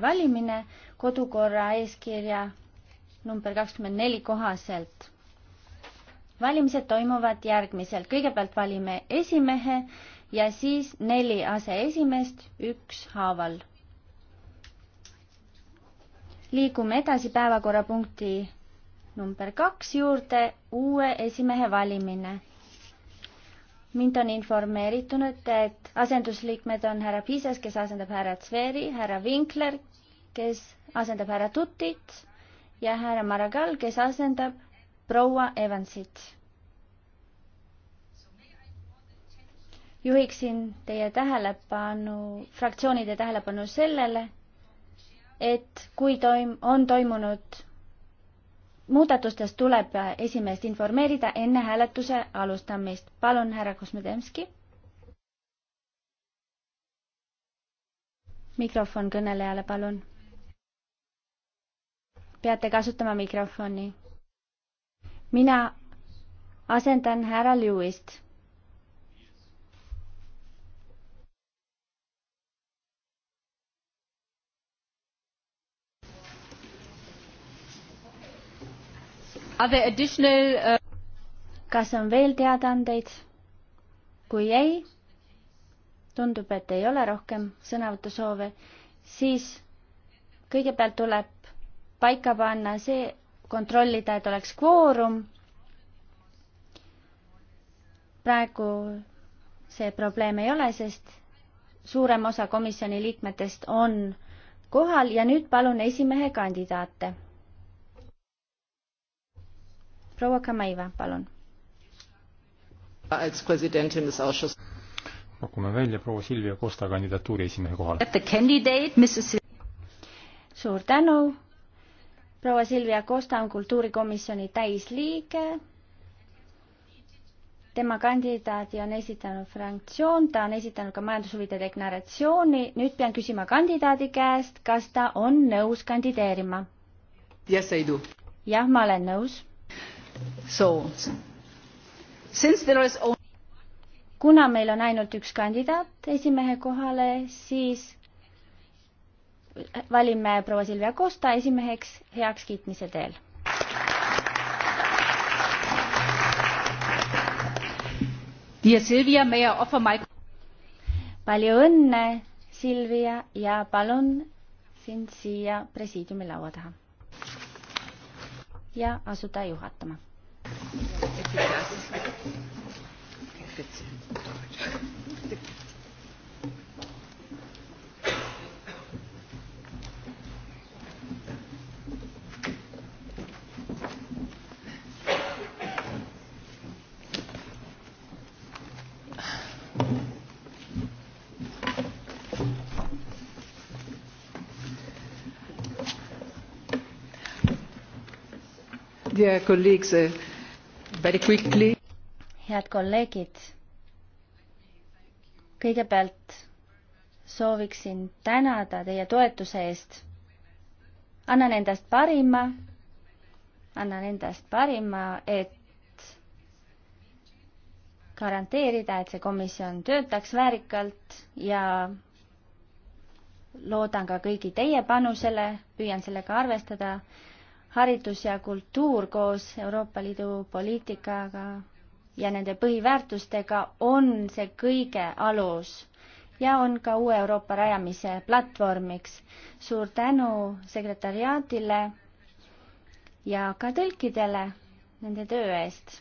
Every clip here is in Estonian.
valimine kodukorra eeskirja number kakskümmend neli kohaselt. valimised toimuvad järgmiselt, kõigepealt valime esimehe ja siis neli aseesimeest ükshaaval. liigume edasi päevakorrapunkti number kaks juurde, uue esimehe valimine mind on informeeritud, et asendusliikmed on härra Piisas, kes asendab härra Zveri, härra Vinkler, kes asendab härra Tutit ja härra Maragall, kes asendab proua Evansit. juhiksin teie tähelepanu, fraktsioonide tähelepanu sellele, et kui toim-, on toimunud muudatustest tuleb esimeest informeerida enne hääletuse alustamist. palun, härra Kosmedemski. mikrofon kõnelejale, palun. peate kasutama mikrofoni. mina asendan härra Lewist Additional... Uh, kas on veel teadaandeid? kui ei, tundub, et ei ole rohkem sõnavõtusoove, siis kõigepealt tuleb paika panna see, kontrollida, et oleks kvoorum. praegu see probleem ei ole, sest suurem osa komisjoni liikmetest on kohal ja nüüd palun esimehe kandidaate proua Kameiva, palun. pakume välja proua Silvia Kosta kandidatuuri esimehe kohale. suur tänu. proua Silvia Kosta on kultuurikomisjoni täisliige tema kandidaadi on esitanud fraktsioon, ta on esitanud ka majandushuvide deklaratsiooni, nüüd pean küsima kandidaadi käest, kas ta on nõus kandideerima. jah, ma olen nõus So, since there is only kuna meil on ainult üks kandidaat esimehe kohale, siis valime proua Silvia Kosta esimeheks heakskiitmise teel. palju õnne, Silvia, ja palun sind siia presiidiumi laua taha ja asuda juhatama. Gracias. dear colleagues, uh, very quickly. head kolleegid, kõigepealt sooviksin tänada teie toetuse eest. annan endast parima, annan endast parima, et garanteerida, et see komisjon töötaks väärikalt ja loodan ka kõigi teie panusele, püüan sellega arvestada haridus ja kultuur koos Euroopa Liidu poliitikaga ja nende põhiväärtustega on see kõige alus ja on ka uue Euroopa rajamise platvormiks. suur tänu sekretariaadile ja ka tõlkidele nende töö eest,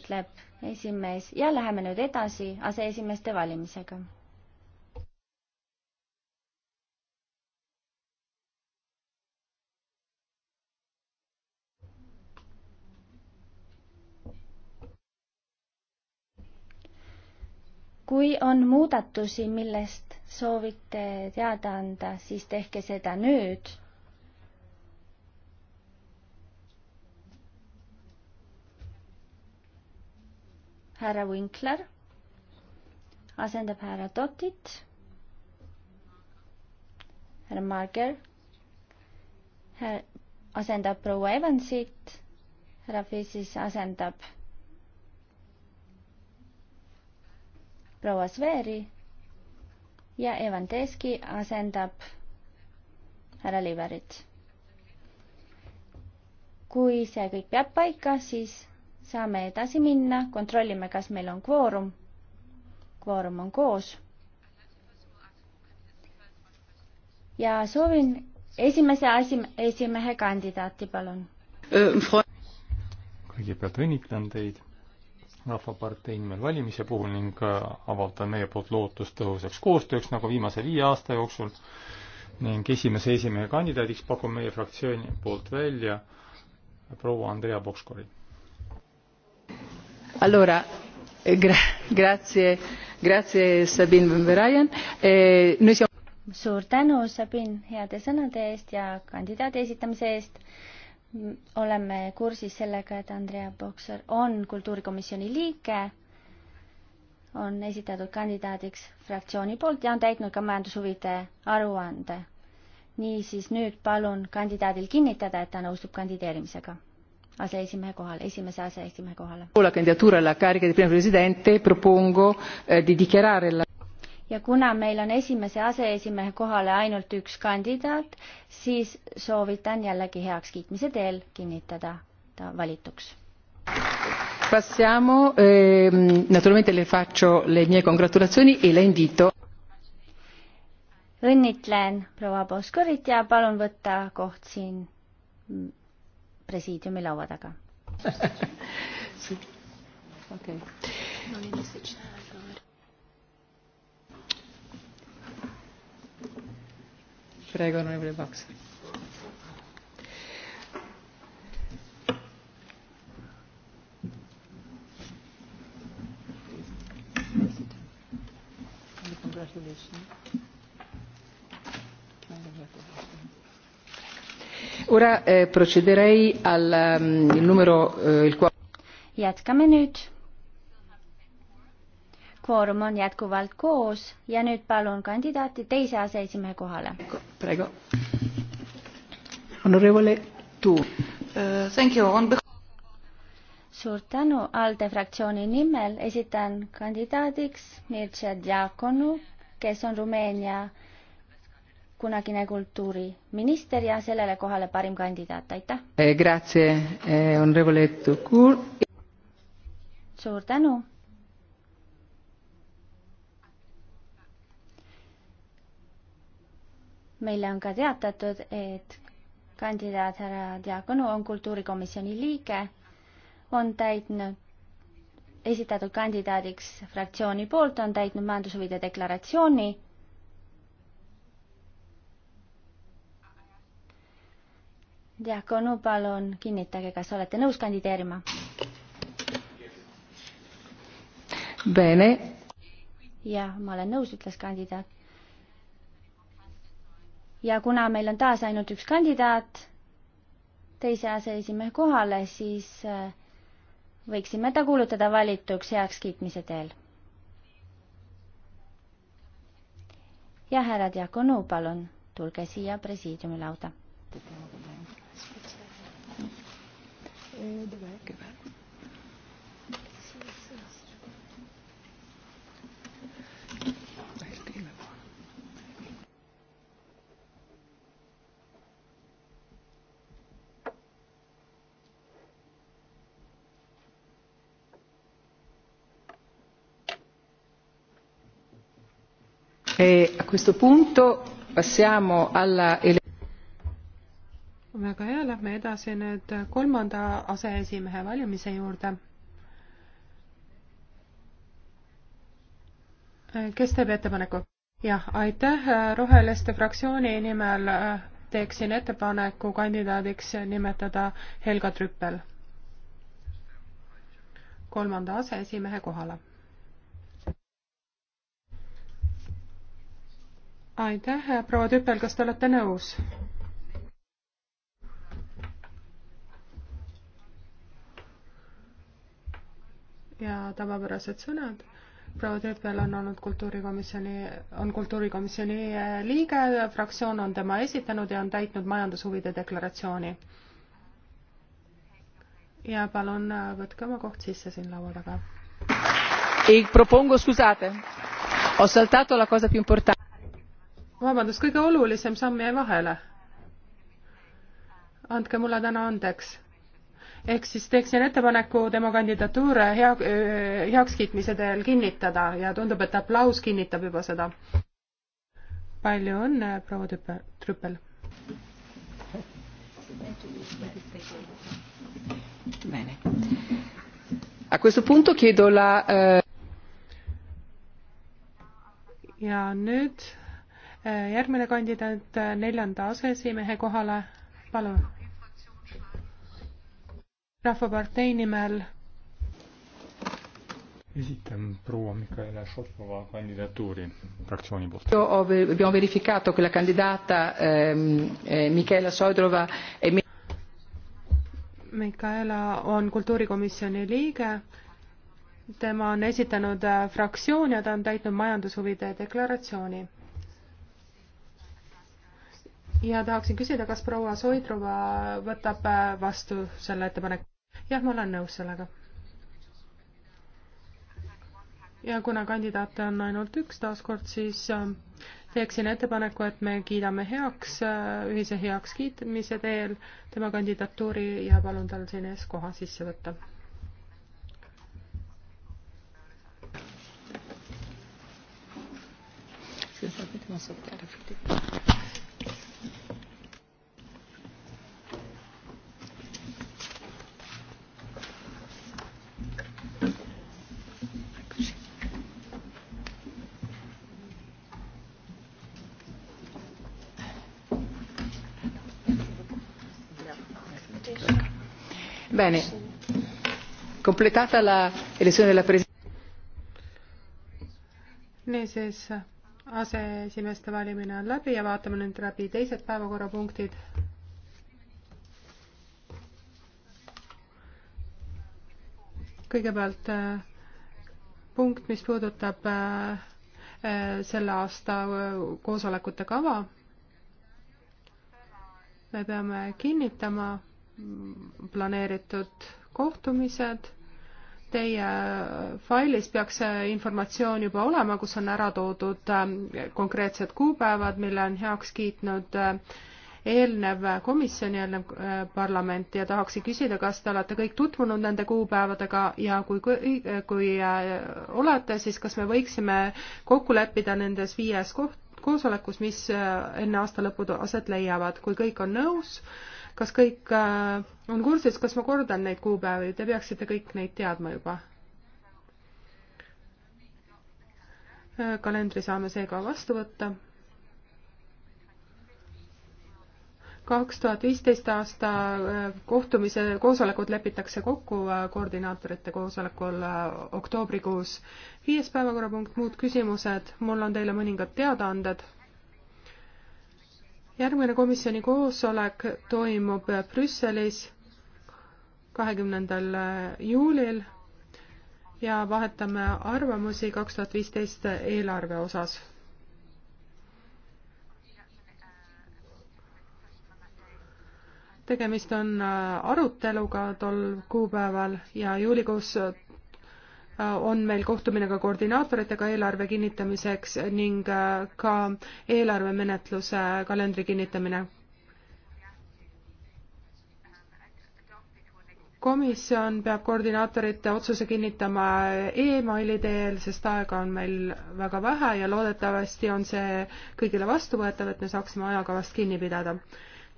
ütleb esimees ja läheme nüüd edasi aseesimeeste valimisega kui on muudatusi, millest soovite teada anda, siis tehke seda nüüd. härra Winkler asendab härra Totit. härra Marger asendab proua Evansit. härra Fissis asendab proua Sveeri ja Evan Teski asendab härra Liverit. kui see kõik peab paika, siis saame edasi minna, kontrollime, kas meil on kvoorum. kvoorum on koos. ja soovin esimese asi, esimehe kandidaati, palun. Äh, kõigepealt õnnitlen teid Rahvapartei nimel valimise puhul ning äh, avaldan meie poolt lootust tõhusaks koostööks nagu viimase viie aasta jooksul ning esimese esimehe kandidaadiks pakun meie fraktsiooni poolt välja proua Andrea Bokskori. Allora, eh, gra-, grazie, grazie Sabine Võmberajan e,. Eh, siamo... suur tänu, Sabine, heade sõnade eest ja kandidaadi esitamise eest oleme kursis sellega, et Andrea Bokser on kultuurikomisjoni liige, on esitatud kandidaadiks fraktsiooni poolt ja on täitnud ka majandushuvide aruande. niisiis nüüd palun kandidaadil kinnitada, et ta nõustub kandideerimisega aseesimehe kohale, esimese aseesimehe kohale ja kuna meil on esimese aseesimehe kohale ainult üks kandidaat, siis soovitan jällegi heakskiitmise teel kinnitada ta valituks. Passiamo eh,, naturalmente le faccio le mie congratulazioni e le invito. õnnitlen proua Boskorit ja palun võtta koht siin mm, presiidiumi laua taga. okei okay Prego, onorevole Bax. Ora eh, procederei al um, mm, il numero eh, il Jätkame nüüd. Kvoorum on jätkuvalt koos ja nüüd palun kandidaati teise aseesimehe kohale. Prego. Honorevole Tuun uh,. Thank you on behalf suur tänu ALDE fraktsiooni nimel esitan kandidaadiks Mircea Diaconu, kes on Rumeenia kunagine kultuuriminister ja sellele kohale parim kandidaat, aitäh eh,! Grazie eh,, on Revoletu Kuul. suur tänu! meile on ka teatatud, et kandidaat härra Diakonu on kultuurikomisjoni liige, on täitnud, esitatud kandidaadiks fraktsiooni poolt, on täitnud majandushuvide deklaratsiooni. Diakonu, palun kinnitage, kas olete nõus kandideerima? Bene. jah, ma olen nõus, ütles kandidaat ja kuna meil on taas ainult üks kandidaat teise aseesimehe kohale, siis äh, võiksime ta kuulutada valituks heakskiitmise teel. ja härra Diakonu, palun tulge siia presiidiumi lauda. Dov'è che va? E a questo punto passiamo alla väga hea, lähme edasi nüüd kolmanda aseesimehe valimise juurde. kes teeb ettepaneku? jah, aitäh, Roheliste fraktsiooni nimel äh, teeksin ettepaneku kandidaadiks nimetada Helga Trüppel kolmanda aseesimehe kohale aitäh, proua Tüpel, kas te olete nõus? ja tavapärased sõnad. proua Tüüpel on olnud kultuurikomisjoni, on kultuurikomisjoni eh, liige, fraktsioon on tema esitanud ja on täitnud majandushuvide deklaratsiooni. ja palun eh, võtke oma koht sisse siin laua taga vabandust, kõige olulisem samm jäi vahele. andke mulle täna andeks. ehk siis teeksin ettepaneku tema kandidatuure hea, heakskiitmise teel kinnitada ja tundub, et aplaus kinnitab juba seda. palju õnne, proua Tüpe, Trüppel. Bene. A questo punto chiedo la eh... ja nüüd järgmine kandidaat neljanda aseesimehe kohale, palun. rahvapartei nimel. esitan proua Mikaela Šotova kandidatuuri fraktsiooni poolt. Abbiamo verificato che la candidata ehm, eh, Mikaela Šotova è Mikaela on kultuurikomisjoni liige tema on esitanud eh, fraktsioon ja ta on täitnud majandushuvide deklaratsiooni ja tahaksin küsida, kas proua Soidrova võtab äh, vastu selle ettepaneku? jah, ma olen nõus sellega. ja kuna kandidaate on ainult üks taaskord, siis äh, teeksin ettepaneku, et me kiidame heaks, äh, ühise heakskiitmise teel tema kandidatuuri ja palun tal siin ees koha sisse võtta. see saab nüüd, ma saan teada. Bene. Completata la elezione della pres-. niisiis, aseesimeeste valimine on läbi ja vaatame nüüd läbi teised päevakorrapunktid. kõigepealt äh, punkt, mis puudutab äh, äh, selle aasta koosolekute kava. me peame kinnitama planeeritud kohtumised. Teie failis peaks see informatsioon juba olema, kus on ära toodud ähm, konkreetsed kuupäevad, mille on heaks kiitnud äh, eelnev komisjon ja eelnev äh, parlament ja tahaksin küsida, kas te olete kõik tutvunud nende kuupäevadega ja kui, kui, kui äh, olete, siis kas me võiksime kokku leppida nendes viies koht, koosolekus, mis äh, enne aasta lõppu aset leiavad, kui kõik on nõus, kas kõik äh, on kursis, kas ma kordan neid kuupäevi, te peaksite kõik neid teadma juba? Äh, kalendri saame seega vastu võtta kaks tuhat viisteist aasta äh, kohtumise koosolekud lepitakse kokku äh, koordinaatorite koosolekul äh, oktoobrikuus. viies päevakorrapunkt, muud küsimused, mul on teile mõningad teadaanded. järgmine komisjoni koosolek toimub Brüsselis kahekümnendal juulil ja vahetame arvamusi kaks tuhat viisteist eelarve osas tegemist on äh, aruteluga tol kuupäeval ja juulikuus äh, on meil kohtumine ka koordinaatoritega eelarve kinnitamiseks ning äh, ka eelarvemenetluse kalendri kinnitamine. komisjon peab koordinaatorite otsuse kinnitama emaili teel, sest aega on meil väga vähe ja loodetavasti on see kõigile vastuvõetav, et me saaksime ajakavast kinni pidada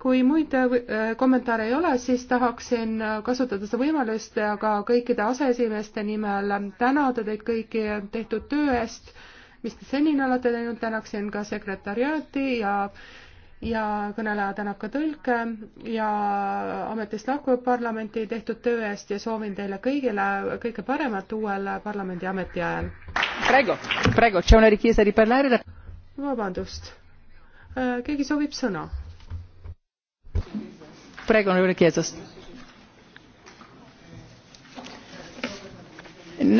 kui muid äh, äh, kommentaare ei ole, siis tahaksin äh, kasutada seda võimalust ja ka kõikide aseesimeeste nimel tänada teid kõiki tehtud töö eest, mis te senini olete teinud, tänaksin ka sekretäriaati ja ja kõneleja tänab ka tõlke ja ametist lahkuv parlamenti tehtud töö eest ja soovin teile kõigile kõike paremat uuel parlamendi ametiajal. praegu, praegu, vabandust, keegi soovib sõna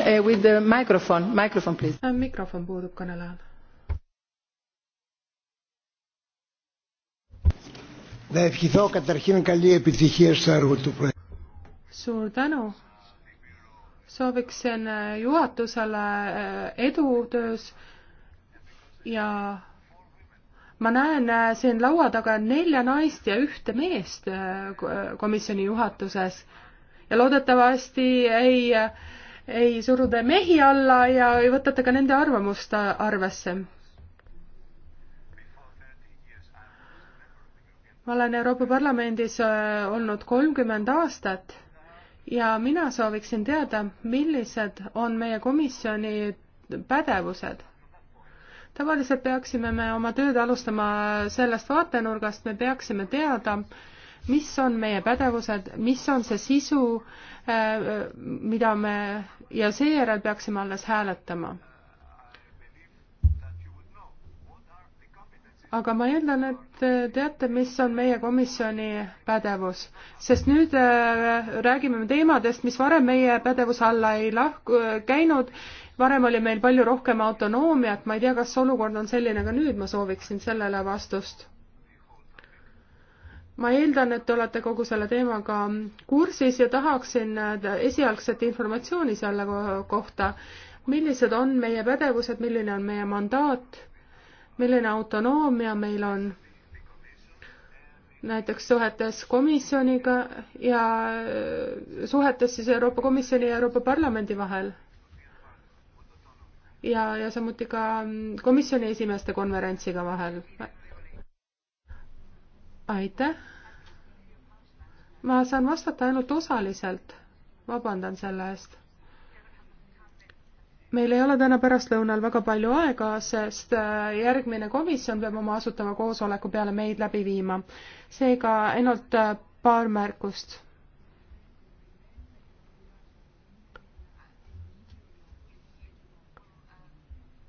Eh, microphone, microphone, äh, mikrofon puudub kõnelejal. Να ευχηθώ καταρχήν καλή επιτυχία στο έργο του Προέδρου. Suur tänu. Sooviksin äh, juhatusele äh, edu töös ja ma näen äh, siin laua taga nelja naist ja ühte meest äh, komisjoni juhatuses ja loodetavasti ei, ei suru te mehi alla ja ei võtate ka nende arvamust arvesse. ma olen Euroopa Parlamendis äh, olnud kolmkümmend aastat ja mina sooviksin teada, millised on meie komisjoni pädevused tavaliselt peaksime me oma tööd alustama sellest vaatenurgast, me peaksime teada, mis on meie pädevused, mis on see sisu, äh, mida me ja seejärel peaksime alles hääletama. aga ma eeldan, et teate, mis on meie komisjoni pädevus, sest nüüd äh, räägime teemadest, mis varem meie pädevuse alla ei lahku, käinud varem oli meil palju rohkem autonoomiat, ma ei tea, kas olukord on selline ka nüüd, ma sooviksin sellele vastust. ma eeldan, et te olete kogu selle teemaga kursis ja tahaksin esialgset informatsiooni selle kohta, millised on meie pädevused, milline on meie mandaat, milline autonoomia meil on näiteks suhetes komisjoniga ja suhetes siis Euroopa Komisjoni ja Euroopa Parlamendi vahel ja, ja samuti ka mm, komisjoni esimeeste konverentsiga vahel. aitäh. ma saan vastata ainult osaliselt. vabandan selle eest. meil ei ole täna pärastlõunal väga palju aega, sest äh, järgmine komisjon peab oma asutava koosoleku peale meid läbi viima. seega ainult äh, paar märkust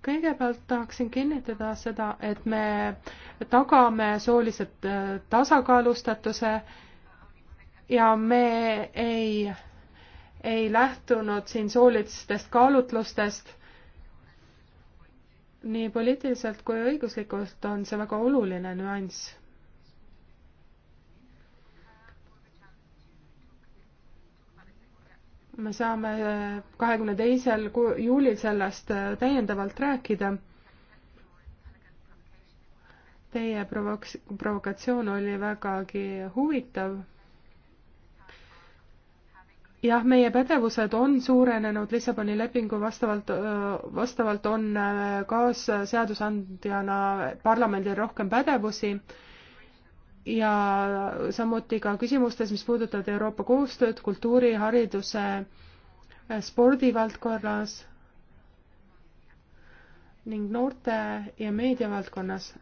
kõigepealt tahaksin kinnitada seda, et me tagame soolise äh, tasakaalustatuse ja me ei, ei lähtunud siin soolistest kaalutlustest. nii poliitiliselt kui õiguslikult on see väga oluline nüanss me saame äh, kahekümne teisel juulil sellest äh, täiendavalt rääkida. Teie provoks-, provokatsioon oli vägagi huvitav jah, meie pädevused on suurenenud Lissaboni lepingu vastavalt, vastavalt on äh, kaasseadusandjana parlamendil rohkem pädevusi ja samuti ka küsimustes, mis puudutavad Euroopa koostööd kultuuri, hariduse, spordivaldkonnas ning noorte ja meediavaldkonnas.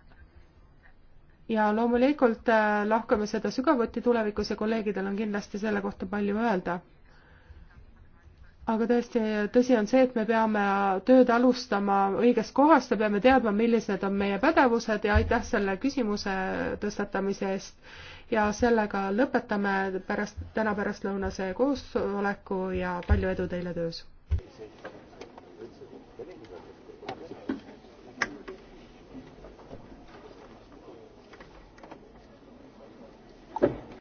ja loomulikult eh, lahkame seda sügavuti tulevikus ja kolleegidel on kindlasti selle kohta palju öelda aga tõesti, tõsi on see, et me peame tööd alustama õigest kohast ja peame teadma, millised on meie pädevused ja aitäh selle küsimuse tõstatamise eest. ja sellega lõpetame pärast, täna pärastlõunase koosoleku ja palju edu teile töös!